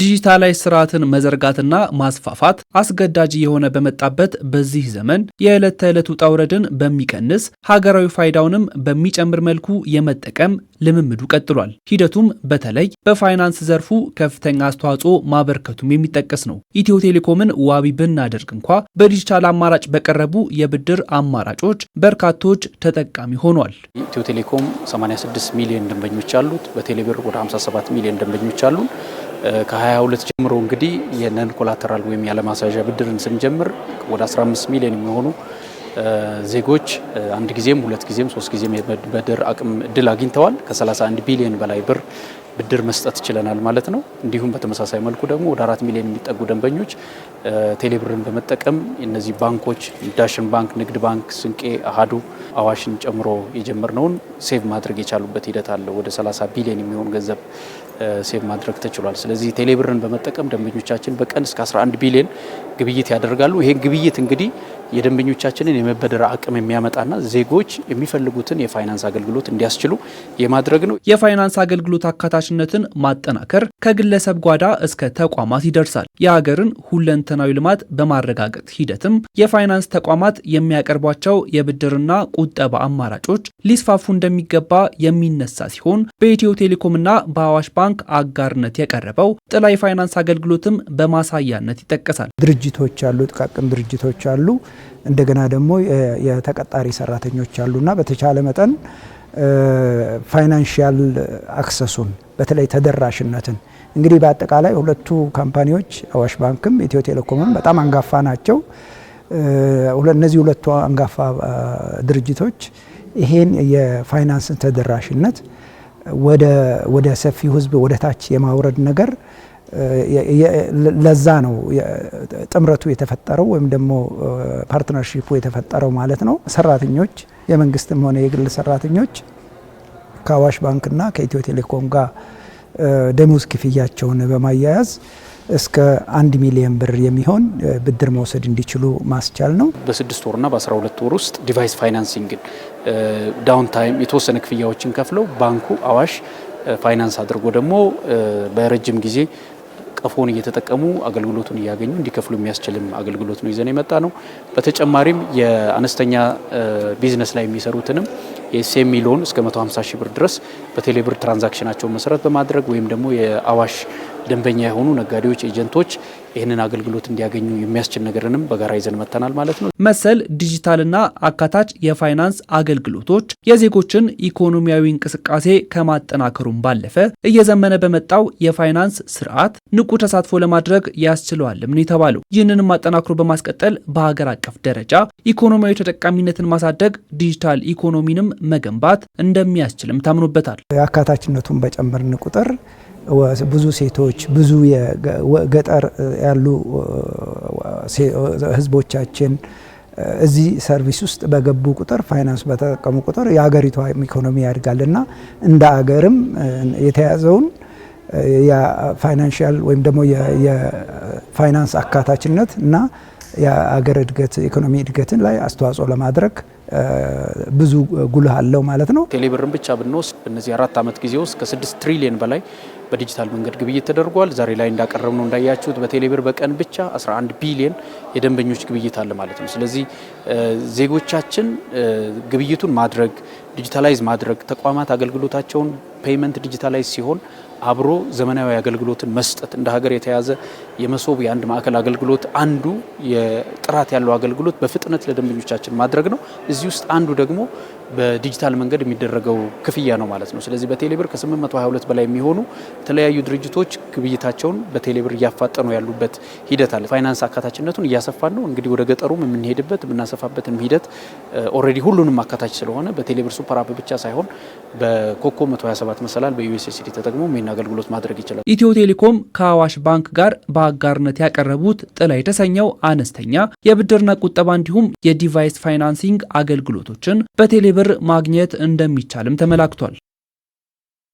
ዲጂታላይ ስርዓትን መዘርጋትና ማስፋፋት አስገዳጅ የሆነ በመጣበት በዚህ ዘመን የዕለት ተዕለት ውጣ ውረድን በሚቀንስ ሀገራዊ ፋይዳውንም በሚጨምር መልኩ የመጠቀም ልምምዱ ቀጥሏል። ሂደቱም በተለይ በፋይናንስ ዘርፉ ከፍተኛ አስተዋጽኦ ማበርከቱም የሚጠቀስ ነው። ኢትዮ ቴሌኮምን ዋቢ ብናደርግ እንኳ በዲጂታል አማራጭ በቀረቡ የብድር አማራጮች በርካቶች ተጠቃሚ ሆኗል። ኢትዮ ቴሌኮም 86 ሚሊዮን ደንበኞች አሉት። በቴሌብር ወደ 57 ሚሊዮን ደንበኞች አሉን። ከ22 ጀምሮ እንግዲህ የነን ኮላተራል ወይም ያለማሳዣ ብድርን ስንጀምር ወደ 15 ሚሊዮን የሚሆኑ ዜጎች አንድ ጊዜም ሁለት ጊዜም ሶስት ጊዜም የመበደር አቅም እድል አግኝተዋል። ከ31 ቢሊዮን በላይ ብር ብድር መስጠት ችለናል ማለት ነው። እንዲሁም በተመሳሳይ መልኩ ደግሞ ወደ አራት ሚሊዮን የሚጠጉ ደንበኞች ቴሌብርን በመጠቀም እነዚህ ባንኮች ዳሽን ባንክ፣ ንግድ ባንክ፣ ስንቄ፣ አሃዱ፣ አዋሽን ጨምሮ የጀመርነውን ሴቭ ማድረግ የቻሉበት ሂደት አለ። ወደ 30 ቢሊዮን የሚሆን ገንዘብ ሴቭ ማድረግ ተችሏል። ስለዚህ ቴሌብርን በመጠቀም ደንበኞቻችን በቀን እስከ 11 ቢሊዮን ግብይት ያደርጋሉ። ይሄን ግብይት እንግዲህ የደንበኞቻችንን የመበደር አቅም የሚያመጣና ዜጎች የሚፈልጉትን የፋይናንስ አገልግሎት እንዲያስችሉ የማድረግ ነው። የፋይናንስ አገልግሎት አካታችነትን ማጠናከር ከግለሰብ ጓዳ እስከ ተቋማት ይደርሳል። የሀገርን ሁለንተናዊ ልማት በማረጋገጥ ሂደትም የፋይናንስ ተቋማት የሚያቀርቧቸው የብድርና ቁጠባ አማራጮች ሊስፋፉ እንደሚገባ የሚነሳ ሲሆን በኢትዮ ቴሌኮምና በአዋሽ ባንክ አጋርነት የቀረበው ጥላ የፋይናንስ አገልግሎትም በማሳያነት ይጠቀሳል። ድርጅቶች አሉ፣ ጥቃቅን ድርጅቶች አሉ። እንደገና ደግሞ የተቀጣሪ ሰራተኞች አሉና በተቻለ መጠን ፋይናንሽያል አክሰሱን በተለይ ተደራሽነትን እንግዲህ በአጠቃላይ ሁለቱ ካምፓኒዎች አዋሽ ባንክም ኢትዮ ቴሌኮምም በጣም አንጋፋ ናቸው። እነዚህ ሁለቱ አንጋፋ ድርጅቶች ይሄን የፋይናንስን ተደራሽነት ወደ ሰፊው ሕዝብ ወደ ታች የማውረድ ነገር ለዛ ነው ጥምረቱ የተፈጠረው ወይም ደግሞ ፓርትነርሺፑ የተፈጠረው ማለት ነው። ሰራተኞች የመንግስትም ሆነ የግል ሰራተኞች ከአዋሽ ባንክና ከኢትዮ ቴሌኮም ጋር ደሞዝ ክፍያቸውን በማያያዝ እስከ አንድ ሚሊዮን ብር የሚሆን ብድር መውሰድ እንዲችሉ ማስቻል ነው። በስድስት ወርና በአስራ ሁለት ወር ውስጥ ዲቫይስ ፋይናንሲንግን ዳውን ታይም የተወሰነ ክፍያዎችን ከፍለው ባንኩ አዋሽ ፋይናንስ አድርጎ ደግሞ በረጅም ጊዜ ቀፎን እየተጠቀሙ አገልግሎቱን እያገኙ እንዲከፍሉ የሚያስችልም አገልግሎት ነው ይዘን የመጣ ነው። በተጨማሪም የአነስተኛ ቢዝነስ ላይ የሚሰሩትንም የኤስኤምኢ ሎን እስከ 150 ሺህ ብር ድረስ በቴሌብር ትራንዛክሽናቸውን መሰረት በማድረግ ወይም ደግሞ የአዋሽ ደንበኛ የሆኑ ነጋዴዎች፣ ኤጀንቶች ይህንን አገልግሎት እንዲያገኙ የሚያስችል ነገርንም በጋራ ይዘን መጥተናል ማለት ነው። መሰል ዲጂታልና አካታች የፋይናንስ አገልግሎቶች የዜጎችን ኢኮኖሚያዊ እንቅስቃሴ ከማጠናከሩም ባለፈ እየዘመነ በመጣው የፋይናንስ ስርዓት ንቁ ተሳትፎ ለማድረግ ያስችለዋልም ነው የተባለው። ይህንንም አጠናክሮ በማስቀጠል በሀገር አቀፍ ደረጃ ኢኮኖሚያዊ ተጠቃሚነትን ማሳደግ፣ ዲጂታል ኢኮኖሚንም መገንባት እንደሚያስችልም ታምኖበታል። አካታችነቱን በጨመርን ቁጥር ብዙ ሴቶች ብዙ ገጠር ያሉ ህዝቦቻችን እዚህ ሰርቪስ ውስጥ በገቡ ቁጥር ፋይናንስ በተጠቀሙ ቁጥር የሀገሪቷ ኢኮኖሚ ያድጋል እና እንደ አገርም የተያዘውን የፋይናንሽል ወይም ደግሞ የፋይናንስ አካታችነት እና የአገር እድገት ኢኮኖሚ እድገትን ላይ አስተዋጽኦ ለማድረግ ብዙ ጉልህ አለው ማለት ነው። ቴሌብርን ብቻ ብንወስድ በእነዚህ አራት ዓመት ጊዜ ውስጥ ከስድስት ትሪሊየን በላይ በዲጂታል መንገድ ግብይት ተደርጓል። ዛሬ ላይ እንዳቀረብ ነው እንዳያችሁት በቴሌብር በቀን ብቻ 11 ቢሊየን የደንበኞች ግብይት አለ ማለት ነው። ስለዚህ ዜጎቻችን ግብይቱን ማድረግ ዲጂታላይዝ ማድረግ ተቋማት አገልግሎታቸውን ፔይመንት ዲጂታላይዝ ሲሆን አብሮ ዘመናዊ አገልግሎትን መስጠት እንደ ሀገር የተያዘ የመሶብ የአንድ ማዕከል አገልግሎት አንዱ የጥራት ያለው አገልግሎት በፍጥነት ለደንበኞቻችን ማድረግ ነው። እዚህ ውስጥ አንዱ ደግሞ በዲጂታል መንገድ የሚደረገው ክፍያ ነው ማለት ነው። ስለዚህ በቴሌብር ከ822 በላይ የሚሆኑ የተለያዩ ድርጅቶች ግብይታቸውን በቴሌብር እያፋጠኑ ያሉበት ሂደት አለ። ፋይናንስ አካታችነቱን እያሰፋን ነው። እንግዲህ ወደ ገጠሩም የምንሄድበት የምናሰፋበትም ሂደት ኦልሬዲ ሁሉንም አካታች ስለሆነ በቴሌብር ሱፐር አፕ ብቻ ሳይሆን በኮኮ 127 መሰላል በዩኤስኤስዲ ተጠቅሞ ይህን አገልግሎት ማድረግ ይችላል። ኢትዮ ቴሌኮም ከአዋሽ ባንክ ጋር በአጋርነት ያቀረቡት ጥላ የተሰኘው አነስተኛ የብድርና ቁጠባ እንዲሁም የዲቫይስ ፋይናንሲንግ አገልግሎቶችን በቴሌብር ማግኘት እንደሚቻልም ተመላክቷል።